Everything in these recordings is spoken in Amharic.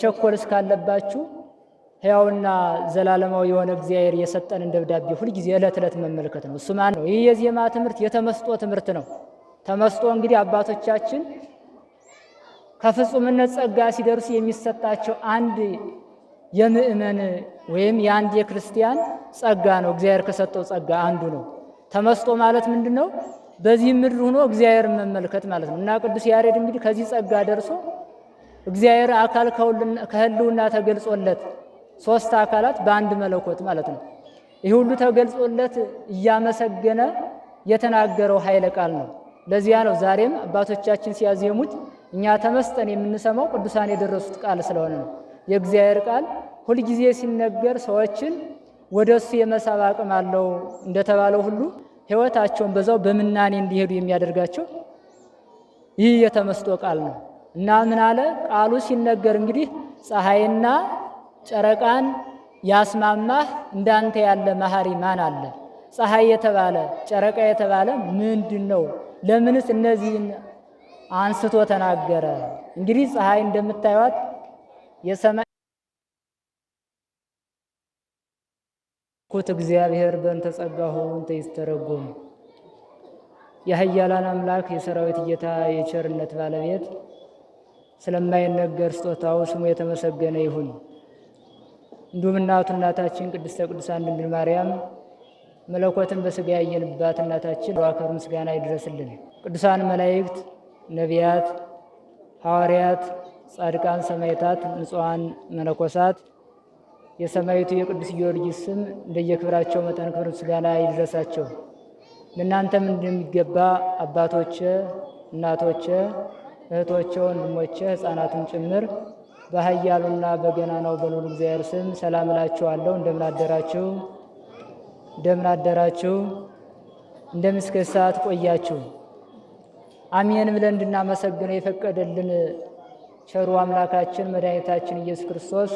መቸኮል እስካለባችሁ ሕያውና ዘላለማዊ የሆነ እግዚአብሔር የሰጠንን ደብዳቤ ሁልጊዜ ዕለት ዕለት መመልከት ነው። እሱ ማን ነው? ይህ የዜማ ትምህርት የተመስጦ ትምህርት ነው። ተመስጦ እንግዲህ አባቶቻችን ከፍጹምነት ጸጋ ሲደርሱ የሚሰጣቸው አንድ የምእመን ወይም የአንድ የክርስቲያን ጸጋ ነው። እግዚአብሔር ከሰጠው ጸጋ አንዱ ነው። ተመስጦ ማለት ምንድን ነው? በዚህ ምድር ሆኖ እግዚአብሔርን መመልከት ማለት ነው እና ቅዱስ ያሬድ እንግዲህ ከዚህ ጸጋ ደርሶ እግዚአብሔር አካል ከህልውና ተገልጾለት ሶስት አካላት በአንድ መለኮት ማለት ነው። ይህ ሁሉ ተገልጾለት እያመሰገነ የተናገረው ኃይለ ቃል ነው። ለዚያ ነው ዛሬም አባቶቻችን ሲያዜሙት እኛ ተመስጠን የምንሰማው ቅዱሳን የደረሱት ቃል ስለሆነ ነው። የእግዚአብሔር ቃል ሁልጊዜ ሲነገር ሰዎችን ወደ እሱ የመሳብ አቅም አለው እንደተባለው ሁሉ ህይወታቸውን በዛው በምናኔ እንዲሄዱ የሚያደርጋቸው ይህ የተመስጦ ቃል ነው። እና ምን አለ ቃሉ ሲነገር እንግዲህ ፀሐይና ጨረቃን ያስማማህ እንዳንተ ያለ መሐሪ ማን አለ? ፀሐይ የተባለ ጨረቃ የተባለ ምንድን ነው? ለምንስ እነዚህን አንስቶ ተናገረ? እንግዲህ ፀሐይ እንደምታዩት የሰማይ ኩት እግዚአብሔር በእንተ ጸጋሁ እንተ ይስተረጎም የኃያላን አምላክ የሰራዊት ጌታ የቸርነት ባለቤት ስለማይነገር ስጦታው ስሙ የተመሰገነ ይሁን። እንዲሁም እናቱ እናታችን ቅድስተ ቅዱሳን ድንግል ማርያም መለኮትን በስጋ ያየንባት እናታችን ክብር ምስጋና ይድረስልን። ቅዱሳን መላእክት፣ ነቢያት፣ ሐዋርያት፣ ጻድቃን፣ ሰማዕታት፣ ንጹሐን መነኮሳት የሰማዕቱ የቅዱስ ጊዮርጊስ ስም እንደየክብራቸው መጠን ክብር ምስጋና ይድረሳቸው። ለእናንተም እንደሚገባ አባቶቼ እናቶቼ እህቶቼ፣ ወንድሞቼ፣ ህፃናትን ጭምር በገና ነው በሉሉ እግዚአብሔር ስም ሰላም እላችኋለሁ። እንደምናደራችሁ እንደምናደራችሁ እንደምን ሰዓት ቆያችሁ? አሜን ብለን እንድናመሰግነው የፈቀደልን ቸሩ አምላካችን መድኃኒታችን ኢየሱስ ክርስቶስ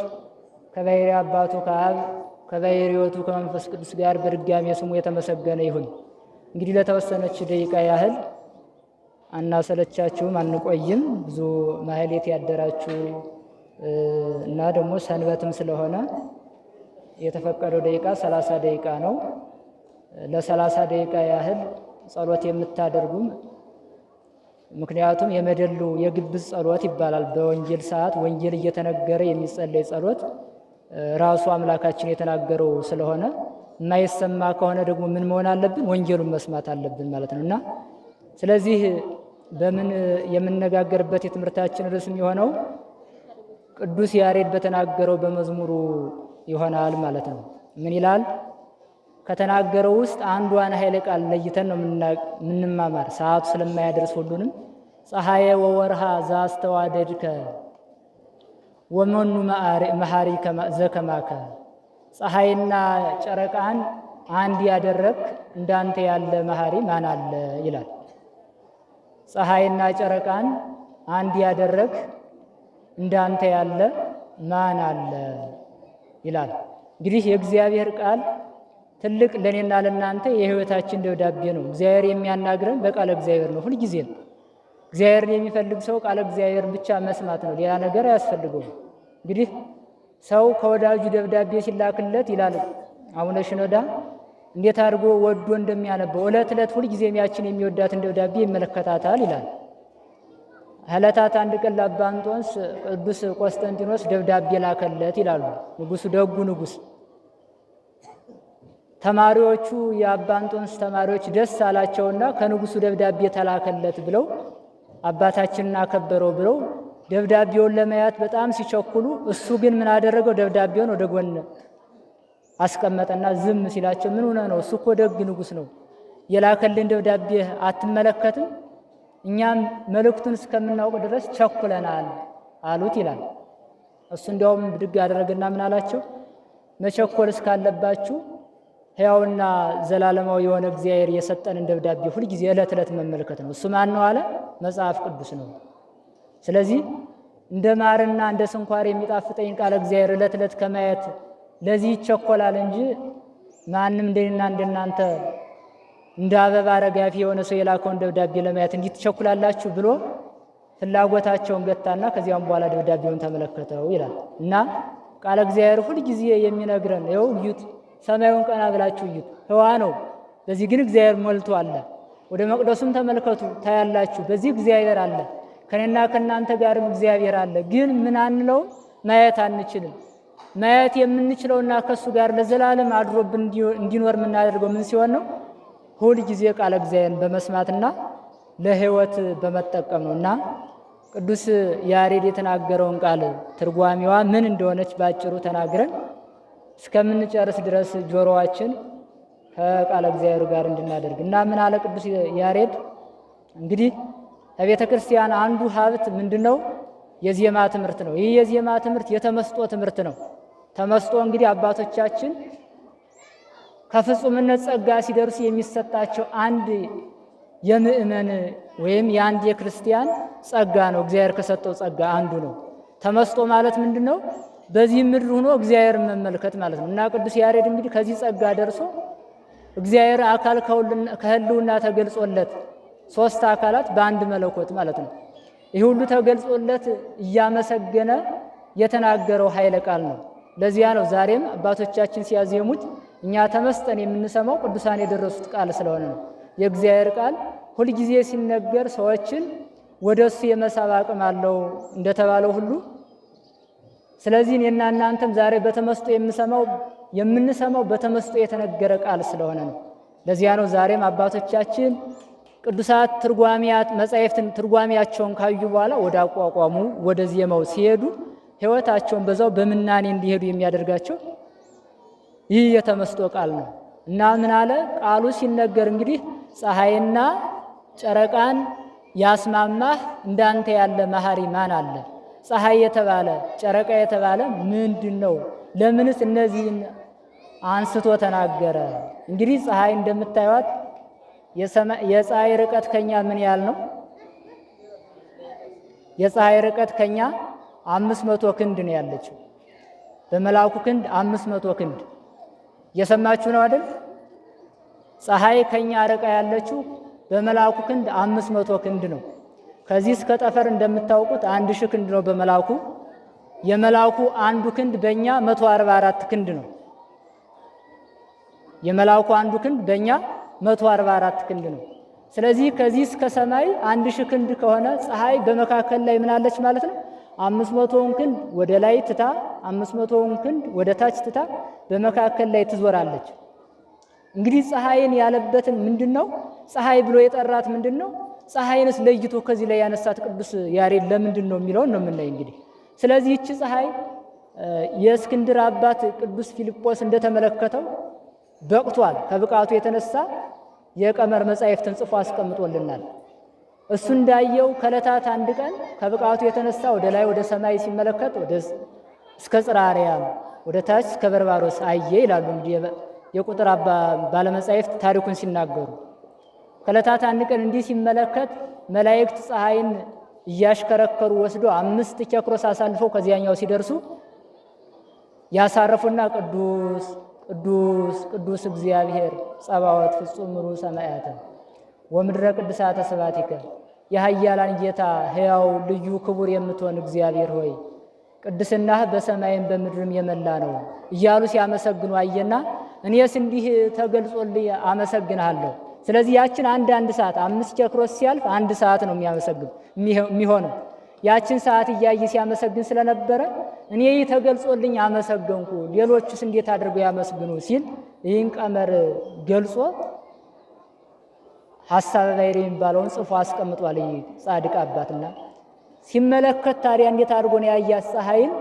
ከባሕሪ አባቱ ከአብ ከባሕሪ ሕይወቱ ከመንፈስ ቅዱስ ጋር በድጋሜ ስሙ የተመሰገነ ይሁን። እንግዲህ ለተወሰነች ደቂቃ ያህል አናሰለቻችሁም፣ አንቆይም። ብዙ ማህሌት ያደራችሁ እና ደግሞ ሰንበትም ስለሆነ የተፈቀደው ደቂቃ ሰላሳ ደቂቃ ነው። ለሰላሳ ደቂቃ ያህል ጸሎት የምታደርጉም ምክንያቱም የመደሉ የግብዝ ጸሎት ይባላል። በወንጌል ሰዓት ወንጌል እየተነገረ የሚጸለይ ጸሎት ራሱ አምላካችን የተናገረው ስለሆነ የማይሰማ ከሆነ ደግሞ ምን መሆን አለብን? ወንጌሉን መስማት አለብን ማለት ነው እና ስለዚህ በምን የምነጋገርበት የትምህርታችን ርዕስም የሆነው ቅዱስ ያሬድ በተናገረው በመዝሙሩ ይሆናል ማለት ነው። ምን ይላል? ከተናገረው ውስጥ አንዷን ኃይለ ቃል ለይተን ነው የምንማማር፣ ሰዓቱ ስለማያደርስ ሁሉንም። ፀሐየ ወወርሃ ዛስተዋደድከ ወመኑ መሐሪ ዘከማከ፣ ፀሐይና ጨረቃን አንድ ያደረግ እንዳንተ ያለ መሐሪ ማን አለ ይላል። ፀሐይና ጨረቃን አንድ ያደረግ እንዳንተ ያለ ማን አለ ይላል። እንግዲህ የእግዚአብሔር ቃል ትልቅ ለእኔና ለእናንተ የህይወታችን ደብዳቤ ነው። እግዚአብሔር የሚያናግረን በቃለ እግዚአብሔር ነው። ሁልጊዜ ነው። እግዚአብሔርን የሚፈልግ ሰው ቃለ እግዚአብሔር ብቻ መስማት ነው። ሌላ ነገር አያስፈልገውም። እንግዲህ ሰው ከወዳጁ ደብዳቤ ሲላክለት ይላል አቡነ ሽኖዳ እንዴት አድርጎ ወዶ እንደሚያነበው እለት እለት ሁልጊዜ ያችን የሚወዳትን ደብዳቤ ይመለከታታል ይላል። ህለታት አንድ ቀን ለአባ ቅዱስ ቆስጠንጢኖስ ደብዳቤ ላከለት ይላሉ ንጉሱ፣ ደጉ ንጉስ። ተማሪዎቹ የአባ እንጦንስ ተማሪዎች ደስ አላቸውና ከንጉሱ ደብዳቤ ተላከለት ብለው አባታችንን አከበረው ብለው ደብዳቤውን ለመያት በጣም ሲቸኩሉ፣ እሱ ግን ምን አደረገው? ደብዳቤውን ወደ ጎን አስቀመጠና ዝም ሲላቸው ምን ሆነ ነው? እሱ እኮ ደግ ንጉሥ ነው። የላከልን ደብዳቤ አትመለከትም? እኛም መልእክቱን እስከምናውቅ ድረስ ቸኩለናል አሉት ይላል። እሱ እንዲያውም ብድግ ያደረገና ምን አላቸው? መቸኮል እስካለባችሁ ሕያውና ዘላለማዊ የሆነ እግዚአብሔር የሰጠንን ደብዳቤ ሁልጊዜ ዕለት ዕለት መመልከት ነው። እሱ ማን ነው አለ? መጽሐፍ ቅዱስ ነው። ስለዚህ እንደ ማርና እንደ ስንኳር የሚጣፍጠኝ ቃለ እግዚአብሔር ዕለት ዕለት ከማየት ለዚህ ይቸኮላል እንጂ ማንም እንደና እንደናንተ እንደ አበባ ረጋፊ የሆነ ሰው የላከውን ደብዳቤ ለማየት እንዴት ትቸኩላላችሁ ብሎ ፍላጎታቸውን ገታና ከዚያም በኋላ ደብዳቤውን ተመለከተው ይላል እና ቃለ እግዚአብሔር ሁል ጊዜ የሚነግረን ይኸው እዩት፣ ሰማዩን ቀና ብላችሁ እዩት፣ ህዋ ነው። በዚህ ግን እግዚአብሔር ሞልቶ አለ። ወደ መቅደሱም ተመልከቱ ታያላችሁ፣ በዚህ እግዚአብሔር አለ። ከኔና ከእናንተ ጋርም እግዚአብሔር አለ። ግን ምን አንለውም፣ ማየት አንችልም። ማየት የምንችለውና ከእሱ ጋር ለዘላለም አድሮብን እንዲኖር የምናደርገው ምን ሲሆን ነው? ሁል ጊዜ ቃለ እግዚአብሔርን በመስማትና ለህይወት በመጠቀም ነው እና ቅዱስ ያሬድ የተናገረውን ቃል ትርጓሚዋ ምን እንደሆነች ባጭሩ ተናግረን እስከምንጨርስ ድረስ ጆሮዋችን ከቃለ እግዚአብሔሩ ጋር እንድናደርግ እና ምን አለ ቅዱስ ያሬድ እንግዲህ ከቤተ ክርስቲያን አንዱ ሀብት ምንድን ነው? የዜማ ትምህርት ነው። ይህ የዜማ ትምህርት የተመስጦ ትምህርት ነው። ተመስጦ እንግዲህ አባቶቻችን ከፍጹምነት ጸጋ ሲደርሱ የሚሰጣቸው አንድ የምእመን ወይም የአንድ የክርስቲያን ጸጋ ነው። እግዚአብሔር ከሰጠው ጸጋ አንዱ ነው። ተመስጦ ማለት ምንድን ነው? በዚህ ምድር ሆኖ እግዚአብሔር መመልከት ማለት ነው እና ቅዱስ ያሬድ እንግዲህ ከዚህ ጸጋ ደርሶ እግዚአብሔር አካል ከህልውና ተገልጾለት ሶስት አካላት በአንድ መለኮት ማለት ነው። ይህ ሁሉ ተገልጾለት እያመሰገነ የተናገረው ኃይለ ቃል ነው። ለዚያ ነው ዛሬም አባቶቻችን ሲያዜሙት እኛ ተመስጠን የምንሰማው ቅዱሳን የደረሱት ቃል ስለሆነ ነው። የእግዚአብሔር ቃል ሁልጊዜ ሲነገር ሰዎችን ወደ እሱ የመሳብ አቅም አለው እንደተባለው ሁሉ ስለዚህ እኔና እናንተም ዛሬ በተመስጦ የምሰማው የምንሰማው በተመስጦ የተነገረ ቃል ስለሆነ ነው። ለዚያ ነው ዛሬም አባቶቻችን ቅዱሳት ትርጓሚያት መጻሕፍትን ትርጓሚያቸውን ካዩ በኋላ ወደ አቋቋሙ ወደ ዜማው ሲሄዱ ህይወታቸውን በዛው በምናኔ እንዲሄዱ የሚያደርጋቸው ይህ የተመስጦ ቃል ነው እና ምን አለ ቃሉ ሲነገር እንግዲህ ፀሐይና ጨረቃን ያስማማህ እንዳንተ ያለ መሐሪ ማን አለ? ፀሐይ የተባለ ጨረቃ የተባለ ምንድን ነው? ለምንስ እነዚህን አንስቶ ተናገረ? እንግዲህ ፀሐይ እንደምታዩት የፀሐይ ርቀት ከኛ ምን ያህል ነው? የፀሐይ ርቀት ከኛ አምስት መቶ ክንድ ነው ያለችው። በመላኩ ክንድ አምስት መቶ ክንድ እየሰማችሁ ነው አይደል? ፀሐይ ከኛ ርቃ ያለችው በመላኩ ክንድ አምስት መቶ ክንድ ነው። ከዚህ እስከ ጠፈር እንደምታውቁት አንድ ሺህ ክንድ ነው በመላኩ የመልአኩ አንዱ ክንድ በእኛ መቶ አርባ አራት ክንድ ነው። የመልአኩ አንዱ ክንድ በእኛ መቶ አርባ አራት ክንድ ነው። ስለዚህ ከዚህ እስከ ሰማይ አንድ ሺህ ክንድ ከሆነ ፀሐይ በመካከል ላይ ምናለች ማለት ነው አምስት መቶውን ክንድ ወደ ላይ ትታ አምስት መቶውን ክንድ ወደ ታች ትታ በመካከል ላይ ትዞራለች። እንግዲህ ፀሐይን ያለበትን ምንድን ነው? ፀሐይ ብሎ የጠራት ምንድን ነው? ፀሐይንስ ለይቶ ከዚህ ላይ ያነሳት ቅዱስ ያሬድ ለምንድን ነው የሚለውን ነው የምናይ። እንግዲህ ስለዚህ ይቺ ፀሐይ የእስክንድር አባት ቅዱስ ፊልጶስ እንደተመለከተው በቅቷል። ከብቃቱ የተነሳ የቀመር መጻሕፍትን ጽፎ አስቀምጦልናል። እሱ እንዳየው ከዕለታት አንድ ቀን ከብቃቱ የተነሳ ወደ ላይ ወደ ሰማይ ሲመለከት ወደ እስከ ጽራሪያም ወደ ታች እስከ በርባሮስ አየ ይላሉ። እንግዲህ የቁጥር አባ ባለመጻሕፍት ታሪኩን ሲናገሩ ከዕለታት አንድ ቀን እንዲህ ሲመለከት መላእክት ፀሐይን እያሽከረከሩ ወስዶ አምስት ኬክሮስ አሳልፈው ከዚያኛው ሲደርሱ ያሳረፉና ቅዱስ ቅዱስ ቅዱስ እግዚአብሔር ጸባወት ፍጹም ምሩ ሰማያተ ወምድረ ቅዱሳተ ስባቲከ የኃያላን ጌታ ሕያው ልዩ ክቡር የምትሆን እግዚአብሔር ሆይ ቅድስናህ በሰማይም በምድርም የመላ ነው እያሉ ሲያመሰግኑ አየና፣ እኔስ እንዲህ ተገልጾልኝ አመሰግንሃለሁ። ስለዚህ ያችን አንድ አንድ ሰዓት አምስት ኬክሮስ ሲያልፍ አንድ ሰዓት ነው የሚያመሰግን የሚሆነው። ያችን ሰዓት እያየ ሲያመሰግን ስለነበረ እኔ ይህ ተገልጾልኝ አመሰገንኩ፣ ሌሎቹስ እንዴት አድርገው ያመስግኑ ሲል ይህን ቀመር ገልጾ ሀሳብ ላይ የሚባለውን ጽፎ አስቀምጧል። ጻድቅ አባትና ሲመለከት ታዲያ እንዴት አድርጎ ነው ያያት ፀሐይን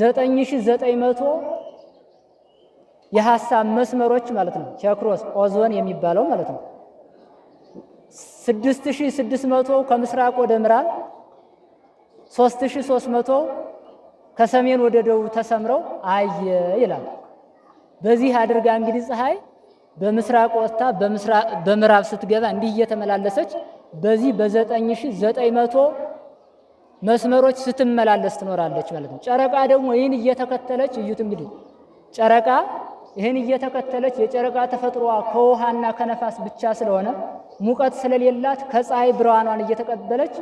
ዘጠኝ ዘጠኝ መቶ የሀሳብ መስመሮች ማለት ነው። ቸክሮስ ኦዞን የሚባለው ማለት ነው። ስድስት ሺህ ስድስት መቶ ከምስራቅ ወደ ምዕራብ፣ ሶስት ሶስት መቶ ከሰሜን ወደ ደቡብ ተሰምረው አየ ይላል። በዚህ አድርጋ እንግዲህ ፀሐይ በምስራቅ ወጥታ በምዕራብ ስትገባ እንዲህ እየተመላለሰች በዚህ በዘጠኝ ሺህ ዘጠኝ መቶ መስመሮች ስትመላለስ ትኖራለች ማለት ነው። ጨረቃ ደግሞ ይህን እየተከተለች እዩት እንግዲህ ጨረቃ ይህን እየተከተለች የጨረቃ ተፈጥሮዋ ከውሃና ከነፋስ ብቻ ስለሆነ ሙቀት ስለሌላት ከፀሐይ ብርሃኗን እየተቀበለች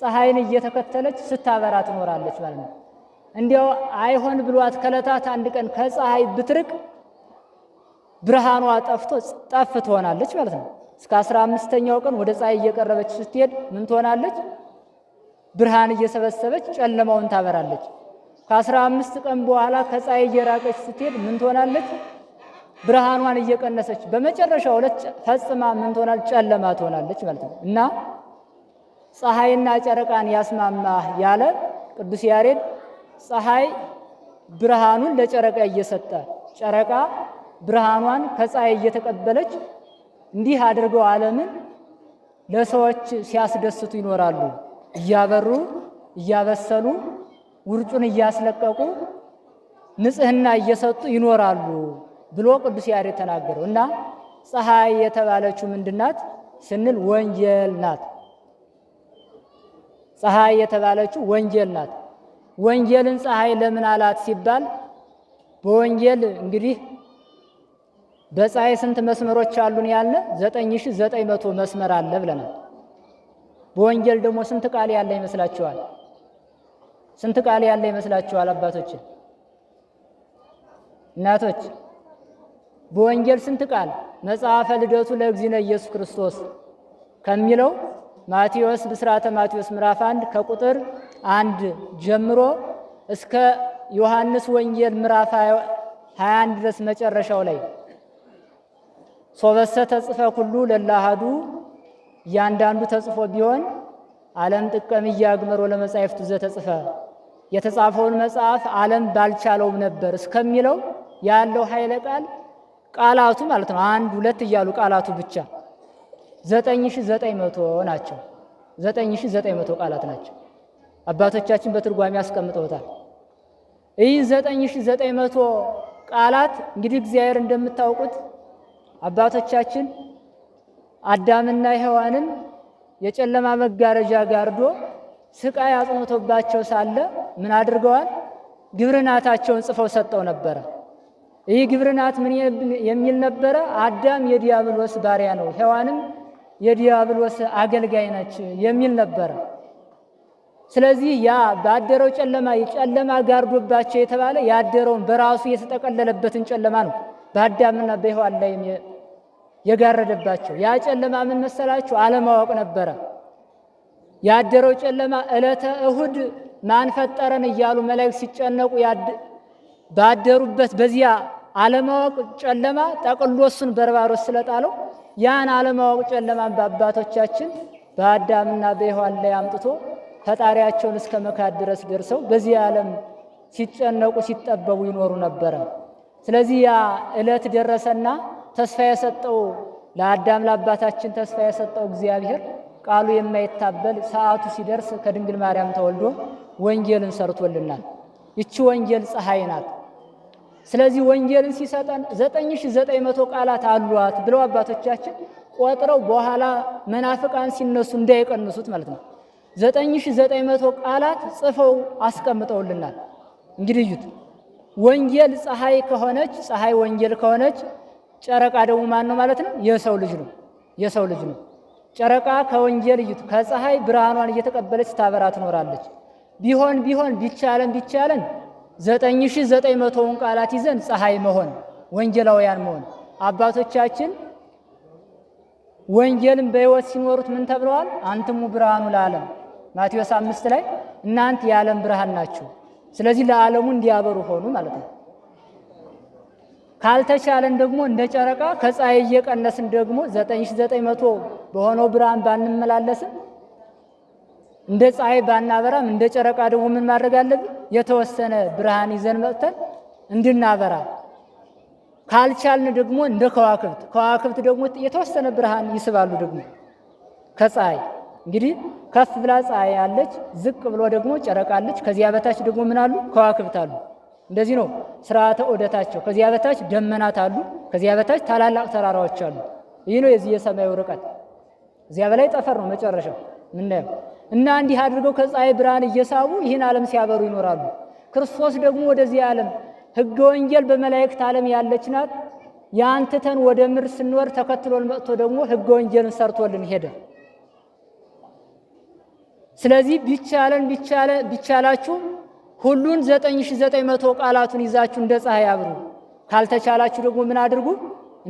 ፀሐይን እየተከተለች ስታበራ ትኖራለች ማለት ነው። እንዲያው አይሆን ብሏት ከለታት አንድ ቀን ከፀሐይ ብትርቅ ብርሃኗ ጠፍቶ ጠፍ ትሆናለች ማለት ነው። እስከ አስራ አምስተኛው ቀን ወደ ፀሐይ እየቀረበች ስትሄድ ምን ትሆናለች? ብርሃን እየሰበሰበች ጨለማውን ታበራለች። ከአስራ አምስት ቀን በኋላ ከፀሐይ እየራቀች ስትሄድ ምን ትሆናለች? ብርሃኗን እየቀነሰች በመጨረሻው ሁለት ፈጽማ ምን ትሆናለች? ጨለማ ትሆናለች ማለት ነው እና ፀሐይና ጨረቃን ያስማማ ያለ ቅዱስ ያሬድ ፀሐይ ብርሃኑን ለጨረቃ እየሰጠ ጨረቃ ብርሃኗን ከፀሐይ እየተቀበለች እንዲህ አድርገው ዓለምን ለሰዎች ሲያስደስቱ ይኖራሉ። እያበሩ እያበሰሉ ውርጩን እያስለቀቁ ንጽህና እየሰጡ ይኖራሉ ብሎ ቅዱስ ያሬድ ተናገረው እና ፀሐይ የተባለችው ምንድናት ስንል ወንጌል ናት። ፀሐይ የተባለችው ወንጌል ናት። ወንጌልን ፀሐይ ለምን አላት ሲባል በወንጌል እንግዲህ በፀሐይ ስንት መስመሮች አሉን ያለ ዘጠኝ ዘጠኝ መቶ መስመር አለ ብለናል። በወንጌል ደግሞ ስንት ቃል ያለ ይመስላችኋል? ስንት ቃል ያለ ይመስላችኋል? አባቶች እናቶች፣ በወንጌል ስንት ቃል መጽሐፈ ልደቱ ለእግዚእነ ኢየሱስ ክርስቶስ ከሚለው ማቴዎስ ብስራተ ማቴዎስ ምዕራፍ አንድ ከቁጥር አንድ ጀምሮ እስከ ዮሐንስ ወንጌል ምዕራፍ 21 ድረስ መጨረሻው ላይ ሶበሰ ተጽፈ ኩሉ ለላሃዱ እያንዳንዱ ተጽፎ ቢሆን ዓለም ጥቀም እያግመሮ ለመጻሕፍቱ ዘተጽፈ የተጻፈውን መጽሐፍ ዓለም ባልቻለውም ነበር እስከሚለው ያለው ኃይለ ቃል ቃላቱ ማለት ነው። አንድ ሁለት እያሉ ቃላቱ ብቻ ዘጠኝ ሺ ዘጠኝ መቶ ናቸው። ዘጠኝ ሺ ዘጠኝ መቶ ቃላት ናቸው። አባቶቻችን በትርጓሚ አስቀምጠውታል። ይህ ዘጠኝ ሺ ዘጠኝ መቶ ቃላት እንግዲህ እግዚአብሔር እንደምታውቁት አባቶቻችን አዳምና ሔዋንን የጨለማ መጋረጃ ጋርዶ ስቃይ አጽንቶባቸው ሳለ ምን አድርገዋል? ግብርናታቸውን ጽፈው ሰጠው ነበረ። ይህ ግብርናት ምን የሚል ነበረ? አዳም የዲያብሎስ ባሪያ ነው፣ ሔዋንም የዲያብሎስ አገልጋይ ነች የሚል ነበረ። ስለዚህ ያ ባደረው ጨለማ የጨለማ ጋርዶባቸው የተባለ ያደረውን በራሱ የተጠቀለለበትን ጨለማ ነው በአዳምና በሔዋን ላይ የጋረደባቸው ያ ጨለማ ምን መሰላችሁ? አለማወቅ ነበረ። ያደረው ጨለማ ዕለተ እሁድ ማን ፈጠረን እያሉ መላእክት ሲጨነቁ ባደሩበት በዚያ አለማወቅ ጨለማ ጠቅሎ እሱን በርባሮስ ስለጣለው ያን አለማወቅ ጨለማን በአባቶቻችን በአዳምና በሔዋን ላይ አምጥቶ ፈጣሪያቸውን እስከ መካድ ድረስ ደርሰው በዚህ ዓለም ሲጨነቁ ሲጠበቡ ይኖሩ ነበረ። ስለዚህ ያ ዕለት ደረሰና ተስፋ የሰጠው ለአዳም ለአባታችን ተስፋ የሰጠው እግዚአብሔር ቃሉ የማይታበል ሰዓቱ ሲደርስ ከድንግል ማርያም ተወልዶ ወንጌልን ሰርቶልናል። ይቺ ወንጌል ፀሐይ ናት። ስለዚህ ወንጌልን ሲሰጠን ዘጠኝ ሺህ ዘጠኝ መቶ ቃላት አሏት ብለው አባቶቻችን ቆጥረው በኋላ መናፍቃን ሲነሱ እንዳይቀንሱት ማለት ነው። ዘጠኝ ሺህ ዘጠኝ መቶ ቃላት ጽፈው አስቀምጠውልናል። እንግዲህ እዩት። ወንጌል ፀሐይ ከሆነች ፀሐይ ወንጌል ከሆነች ጨረቃ ደግሞ ማን ነው ማለት ነው? የሰው ልጅ ነው። የሰው ልጅ ነው። ጨረቃ ከወንጌል እይቱ ከፀሐይ ብርሃኗን እየተቀበለች ታበራ ትኖራለች። ቢሆን ቢሆን ቢቻለን ቢቻለን ዘጠኝ ሺህ ዘጠኝ መቶውን ቃላት ይዘን ፀሐይ መሆን ወንጌላውያን መሆን አባቶቻችን ወንጌልን በሕይወት ሲኖሩት ምን ተብለዋል? አንትሙ ብርሃኑ ለዓለም ማቴዎስ አምስት ላይ እናንት የዓለም ብርሃን ናችሁ። ስለዚህ ለዓለሙ እንዲያበሩ ሆኑ ማለት ነው። ካልተቻለን ደግሞ እንደ ጨረቃ ከፀሐይ እየቀነስን ደግሞ 9900 በሆነው ብርሃን ባንመላለስም እንደ ፀሐይ ባናበራም እንደ ጨረቃ ደግሞ ምን ማድረግ አለብን? የተወሰነ ብርሃን ይዘን መጥተን እንድናበራ። ካልቻልን ደግሞ እንደ ከዋክብት ከዋክብት ደግሞ የተወሰነ ብርሃን ይስባሉ ደግሞ ከፀሐይ እንግዲህ ከፍ ብላ ፀሐይ አለች፣ ዝቅ ብሎ ደግሞ ጨረቃ አለች። ከዚያ በታች ደግሞ ምን አሉ? ከዋክብት አሉ። እንደዚህ ነው ስርዓተ ዑደታቸው። ከዚያ በታች ደመናት አሉ። ከዚያ በታች ታላላቅ ተራራዎች አሉ። ይህ ነው የዚህ የሰማዩ ርቀት። እዚያ በላይ ጠፈር ነው መጨረሻው ምናየው እና እንዲህ አድርገው ከፀሐይ ብርሃን እየሳቡ ይህን ዓለም ሲያበሩ ይኖራሉ። ክርስቶስ ደግሞ ወደዚህ ዓለም ሕገ ወንጌል በመላእክት ዓለም ያለች ናት። ያን ወደ ምድር ስንወር ተከትሎን መጥቶ ደግሞ ሕገ ወንጌልን ሰርቶልን ሄደ። ስለዚህ ቢቻለን ቢቻላችሁ ሁሉን 9900 መቶ ቃላቱን ይዛችሁ እንደ ፀሐይ አብሩ። ካልተቻላችሁ ደግሞ ምን አድርጉ?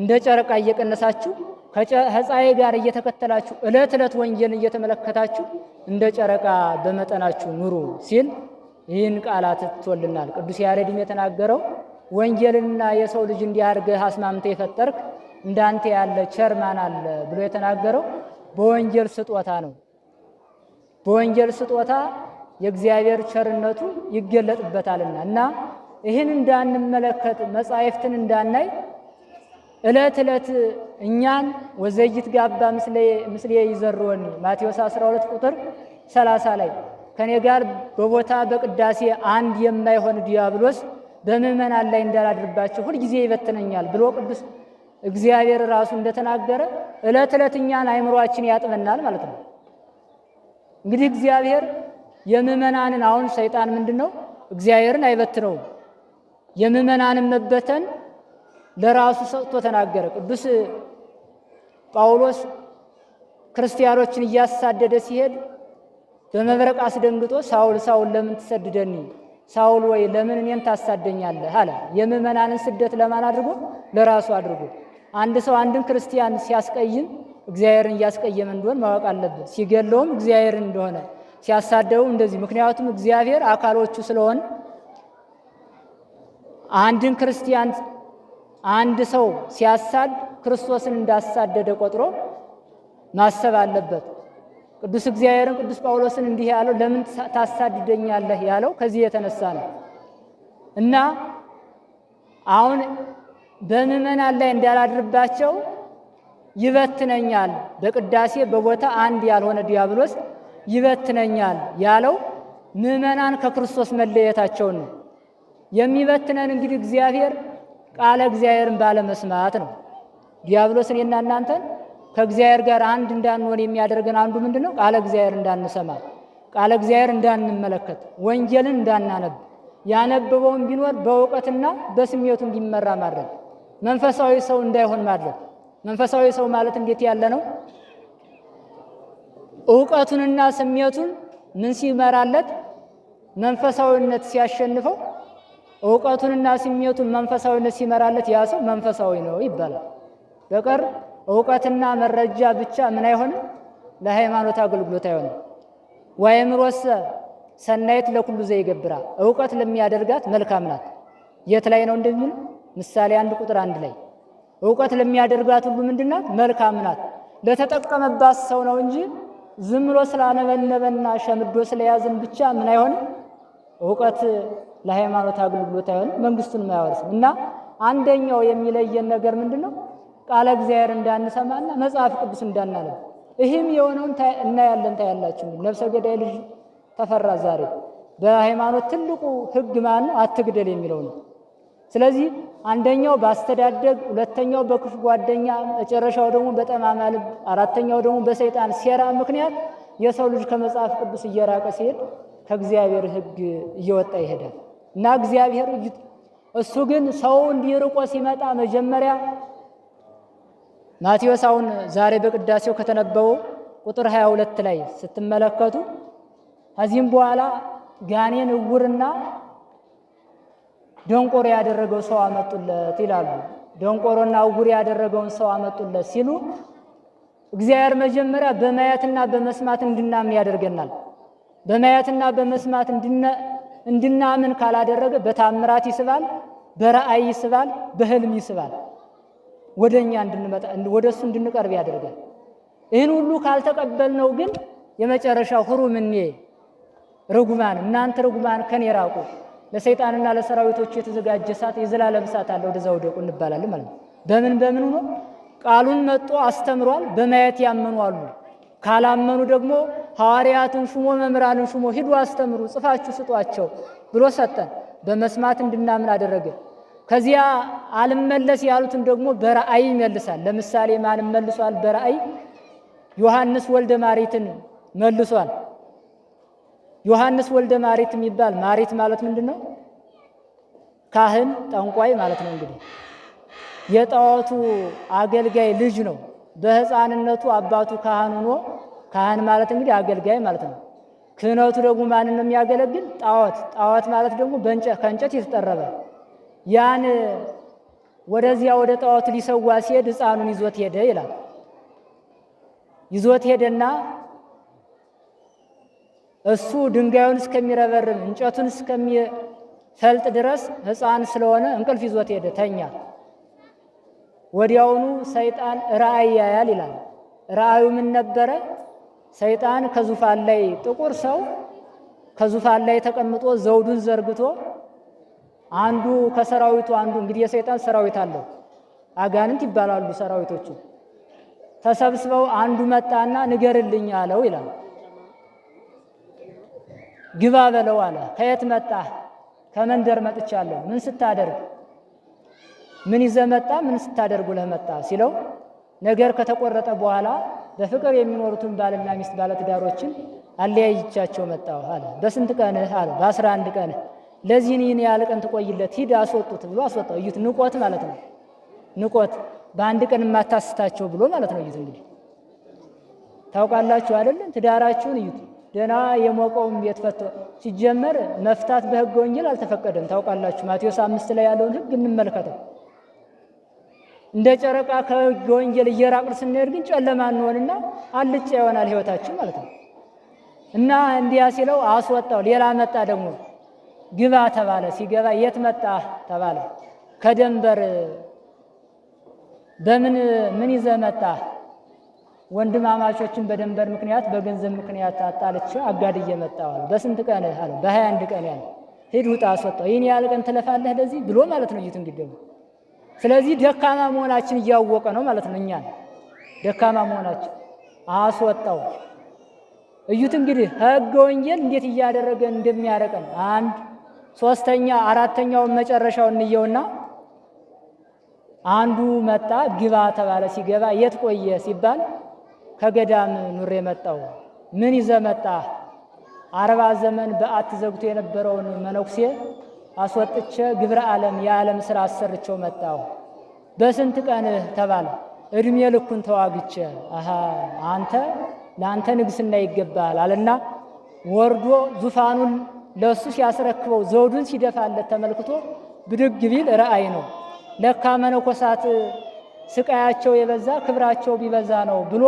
እንደ ጨረቃ እየቀነሳችሁ ከፀሐይ ጋር እየተከተላችሁ ዕለት ዕለት ወንጌል እየተመለከታችሁ እንደ ጨረቃ በመጠናችሁ ኑሩ ሲል ይህን ቃላት ትቶልናል። ቅዱስ ያሬድም የተናገረው ወንጌልና የሰው ልጅ እንዲህ አስማምተ የፈጠርክ እንዳንተ ያለ ቸርማን አለ ብሎ የተናገረው በወንጌል ስጦታ ነው። በወንጌል ስጦታ የእግዚአብሔር ቸርነቱ ይገለጥበታልና እና ይህን እንዳንመለከት መጻሕፍትን እንዳናይ ዕለት ዕለት እኛን ወዘይት ጋባ ምስሌ ይዘርወኒ ማቴዎስ 12 ቁጥር 30 ላይ ከእኔ ጋር በቦታ በቅዳሴ አንድ የማይሆን ዲያብሎስ በምዕመናን ላይ እንዳላድርባቸው ሁልጊዜ ይበትነኛል ብሎ ቅዱስ እግዚአብሔር ራሱ እንደተናገረ ዕለት ዕለት እኛን አይምሯችን ያጥበናል ማለት ነው። እንግዲህ እግዚአብሔር የምእመናንን አሁን ሰይጣን ምንድን ነው እግዚአብሔርን አይበትነውም። የምእመናንን መበተን ለራሱ ሰጥቶ ተናገረ። ቅዱስ ጳውሎስ ክርስቲያኖችን እያሳደደ ሲሄድ በመብረቅ አስደንግጦ ሳውል ሳውል ለምን ትሰድደኒ ሳውል ወይ ለምን እኔን ታሳደኛለህ አለ። የምእመናንን ስደት ለማን አድርጎ? ለራሱ አድርጎ። አንድ ሰው አንድን ክርስቲያን ሲያስቀይም እግዚአብሔርን እያስቀየመ እንደሆን ማወቅ አለበት። ሲገለውም እግዚአብሔርን እንደሆነ ሲያሳደው እንደዚህ። ምክንያቱም እግዚአብሔር አካሎቹ ስለሆን አንድን ክርስቲያን አንድ ሰው ሲያሳድ ክርስቶስን እንዳሳደደ ቆጥሮ ማሰብ አለበት። ቅዱስ እግዚአብሔርን ቅዱስ ጳውሎስን እንዲህ ያለው ለምን ታሳድደኛለህ ያለው ከዚህ የተነሳ ነው እና አሁን በምእመናን ላይ እንዳላድርባቸው ይበትነኛል፣ በቅዳሴ በቦታ አንድ ያልሆነ ዲያብሎስ ይበትነኛል ያለው ምእመናን ከክርስቶስ መለየታቸውን ነው። የሚበትነን እንግዲህ እግዚአብሔር ቃለ እግዚአብሔርን ባለመስማት ነው። ዲያብሎስን የና እናንተን ከእግዚአብሔር ጋር አንድ እንዳንሆን የሚያደርገን አንዱ ምንድን ነው? ቃለ እግዚአብሔር እንዳንሰማ፣ ቃለ እግዚአብሔር እንዳንመለከት፣ ወንጌልን እንዳናነብ፣ ያነበበውን ቢኖር በእውቀትና በስሜቱ እንዲመራ ማድረግ፣ መንፈሳዊ ሰው እንዳይሆን ማድረግ። መንፈሳዊ ሰው ማለት እንዴት ያለ ነው? እውቀቱንና ስሜቱን ምን ሲመራለት መንፈሳዊነት ሲያሸንፈው እውቀቱንና ስሜቱን መንፈሳዊነት ሲመራለት ያ ሰው መንፈሳዊ ነው ይባላል። በቀር እውቀትና መረጃ ብቻ ምን አይሆንም፣ ለሃይማኖት አገልግሎት አይሆንም። ወይምሮሰ ሰናይት ለኩሉ ዘይገብራ፣ እውቀት ለሚያደርጋት መልካም ናት። የት ላይ ነው እንደሚል ምሳሌ አንድ ቁጥር አንድ ላይ እውቀት ለሚያደርጋት ሁሉ ምንድናት? መልካም ናት። ለተጠቀመባት ሰው ነው እንጂ ዝም ብሎ ስላነበነበና ሸምዶ ስለያዝን ብቻ ምን አይሆንም? እውቀት ለሃይማኖት አገልግሎት አይሆንም፣ መንግስቱን አያወርስም። እና አንደኛው የሚለየን ነገር ምንድን ነው? ቃለ እግዚአብሔር እንዳንሰማና መጽሐፍ ቅዱስ እንዳናነብ። ይህም የሆነውን እናያለን። ታያላችሁ። ነፍሰ ገዳይ ልጅ ተፈራ ዛሬ በሃይማኖት ትልቁ ህግ ማን ነው? አትግደል የሚለው ነው። ስለዚህ አንደኛው በአስተዳደግ፣ ሁለተኛው በክፉ ጓደኛ፣ መጨረሻው ደግሞ በጠማማ ልብ፣ አራተኛው ደግሞ በሰይጣን ሴራ ምክንያት የሰው ልጅ ከመጽሐፍ ቅዱስ እየራቀ ሲሄድ ከእግዚአብሔር ሕግ እየወጣ ይሄዳል እና እግዚአብሔር እሱ ግን ሰው እንዲርቆ ሲመጣ መጀመሪያ ማቴዎስ አሁን ዛሬ በቅዳሴው ከተነበበው ቁጥር 22 ላይ ስትመለከቱ ከዚህም በኋላ ጋኔን እውርና ደንቆሮ ያደረገው ሰው አመጡለት ይላሉ። ደንቆሮና እውር ያደረገውን ሰው አመጡለት ሲሉ እግዚአብሔር መጀመሪያ በማየትና በመስማት እንድናምን ያደርገናል። በማየትና በመስማት እንድናምን ካላደረገ በታምራት ይስባል፣ በራአይ ይስባል፣ በህልም ይስባል። ወደኛ እንድንመጣ ወደ እሱ እንድንቀርብ ያደርጋል። ይህን ሁሉ ካልተቀበልነው ግን የመጨረሻው ሁሩምኔ ርጉማን እናንተ ርጉማን ከኔ ራቁ ለሰይጣንና ለሰራዊቶቹ የተዘጋጀ እሳት የዘላለም እሳት አለ፣ ወደዛ ውደቁ እንባላለን ማለት ነው። በምን በምን ሆኖ ቃሉን መጦ አስተምሯል። በማየት ያመኑ አሉ። ካላመኑ ደግሞ ሐዋርያትን ሹሞ መምህራንን ሹሞ ሂዱ አስተምሩ፣ ጽፋችሁ ስጧቸው ብሎ ሰጠን። በመስማት እንድናምን አደረገ። ከዚያ አልመለስ ያሉትን ደግሞ በራእይ ይመልሳል። ለምሳሌ ማንም መልሷል? በራእይ ዮሐንስ ወልደ ማሪትን መልሷል። ዮሐንስ ወልደ ማሪት የሚባል ማሪት ማለት ምንድን ነው? ካህን ጠንቋይ ማለት ነው። እንግዲህ የጣዖቱ አገልጋይ ልጅ ነው። በሕፃንነቱ አባቱ ካህን ሆኖ ካህን ማለት እንግዲህ አገልጋይ ማለት ነው። ክህነቱ ደግሞ ማንን ነው የሚያገለግል? ጣዖት። ጣዖት ማለት ደግሞ ከእንጨት የተጠረበ ያን ወደዚያ ወደ ጣዖት ሊሰዋ ሲሄድ ሕፃኑን ይዞት ሄደ ይላል። ይዞት ሄደና እሱ ድንጋዩን እስከሚረበርብ እንጨቱን እስከሚፈልጥ ድረስ ሕፃን ስለሆነ እንቅልፍ ይዞት ሄደ፣ ተኛ። ወዲያውኑ ሰይጣን ራእይ ያያል ይላል። ራእዩ ምን ነበረ? ሰይጣን ከዙፋን ላይ ጥቁር ሰው ከዙፋን ላይ ተቀምጦ ዘውዱን ዘርግቶ አንዱ ከሰራዊቱ አንዱ እንግዲህ የሰይጣን ሰራዊት አለው። አጋንንት ይባላሉ ሰራዊቶቹ። ተሰብስበው አንዱ መጣና ንገርልኝ አለው ይላል ግባ በለው አለ። ከየት መጣህ? ከመንደር መጥቻለሁ። ምን ስታደርግ? ምን ይዘ መጣ? ምን ስታደርግ ለህ መጣ? ሲለው ነገር ከተቆረጠ በኋላ በፍቅር የሚኖሩትን ባልና ሚስት ባለትዳሮችን አለያይቻቸው መጣሁ አለ። በስንት ቀንህ አለ? በአስራ አንድ ቀንህ። ለዚህን ይህን ያለ ቀን ትቆይለት፣ ሂድ አስወጡት ብሎ አስወጣው። እዩት፣ ንቆት ማለት ነው። ንቆት በአንድ ቀን የማታስታቸው ብሎ ማለት ነው። እዩት እንግዲህ ታውቃላችሁ አይደለም? ትዳራችሁን እዩት ደህና የሞቀውም ቤት ፈቶ ሲጀመር መፍታት በህገ ወንጌል አልተፈቀደም። ታውቃላችሁ ማቴዎስ አምስት ላይ ያለውን ህግ እንመልከተው። እንደ ጨረቃ ከህገ ወንጌል እየራቅን ስንሄድ ግን ጨለማ እንሆንና አልጫ ይሆናል ህይወታችን ማለት ነው። እና እንዲያ ሲለው አስወጣው። ሌላ መጣ ደግሞ ግባ ተባለ። ሲገባ የት መጣ ተባለ ከደንበር በምን ምን ይዘ መጣ ወንድማማቾችን በደንበር ምክንያት በገንዘብ ምክንያት አጋድ እየመጣው አለ። በስንት ቀን አለ? በሀያ አንድ ቀን ያለ ሂድ ውጣ አስወጣው። ይህን ያህል ቀን ትለፋለህ ለዚህ ብሎ ማለት ነው። እዩት ግደሙ። ስለዚህ ደካማ መሆናችን እያወቀ ነው ማለት ነው። እኛን ደካማ መሆናችን አስወጣው። እዩት እንግዲህ ህገ ወንጌል እንዴት እያደረገ እንደሚያረቀን አንድ ሶስተኛ አራተኛውን መጨረሻው እንየውና አንዱ መጣ ግባ ተባለ። ሲገባ የት ቆየ ሲባል ከገዳም ኑር የመጣው ምን ይዘ መጣ? አርባ ዘመን በዓት ዘግቶ የነበረውን መነኩሴ አስወጥቼ ግብረ ዓለም የዓለም ሥራ አሰርቸው መጣው። በስንት ቀን ተባለ። እድሜ ልኩን ተዋግቼ አንተ ለአንተ ንግስና ይገባል አለና ወርዶ ዙፋኑን ለእሱ ሲያስረክበው ዘውዱን ሲደፋለት ተመልክቶ ብድግ ቢል ረአይ ነው። ለካ መነኮሳት ስቃያቸው የበዛ ክብራቸው ቢበዛ ነው ብሎ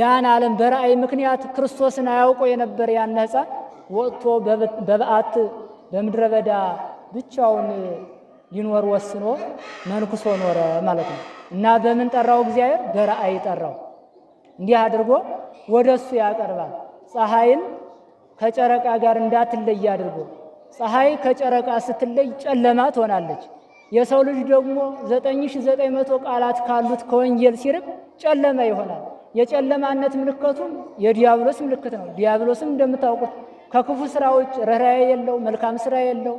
ያን ዓለም በራእይ ምክንያት ክርስቶስን አያውቆ የነበረ ያን ሕፃን ወጥቶ በበዓት በምድረ በዳ ብቻውን ሊኖር ወስኖ መንኩሶ ኖረ ማለት ነው። እና በምን ጠራው? እግዚአብሔር በራእይ ጠራው። እንዲህ አድርጎ ወደ እሱ ያቀርባል። ፀሐይን ከጨረቃ ጋር እንዳትለይ አድርጎ ፀሐይ ከጨረቃ ስትለይ ጨለማ ትሆናለች። የሰው ልጅ ደግሞ ዘጠኝ ሺህ ዘጠኝ መቶ ቃላት ካሉት ከወንጌል ሲርቅ ጨለማ ይሆናል። የጨለማነት ምልክቱም የዲያብሎስ ምልክት ነው። ዲያብሎስም እንደምታውቁት ከክፉ ስራዎች ርኅራኄ የለው፣ መልካም ስራ የለው፣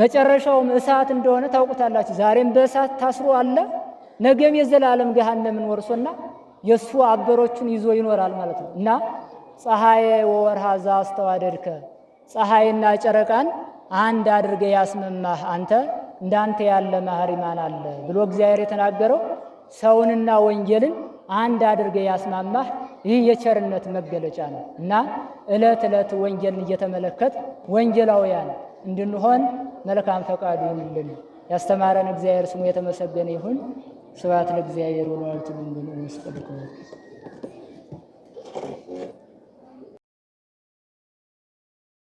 መጨረሻውም እሳት እንደሆነ ታውቁታላችሁ። ዛሬም በእሳት ታስሮ አለ፣ ነገም የዘላለም ገሃነምን ወርሶና የእሱ አበሮቹን ይዞ ይኖራል ማለት ነው እና ፀሐየ ወወርሃ ዘአስተዋደድከ ፀሐይና ጨረቃን አንድ አድርገ ያስመማህ አንተ እንዳንተ ያለ መሐሪ ማን አለ ብሎ እግዚአብሔር የተናገረው ሰውንና ወንጌልን አንድ አድርገ ያስማማህ ይህ የቸርነት መገለጫ ነው እና ዕለት ዕለት ወንጌልን እየተመለከት ወንጌላውያን እንድንሆን መልካም ፈቃዱ ይሁንልን። ያስተማረን እግዚአብሔር ስሙ የተመሰገነ ይሁን። ስብሐት ለእግዚአብሔር ወለወላዲቱ ድንግል ወለመስቀሉ ክቡር።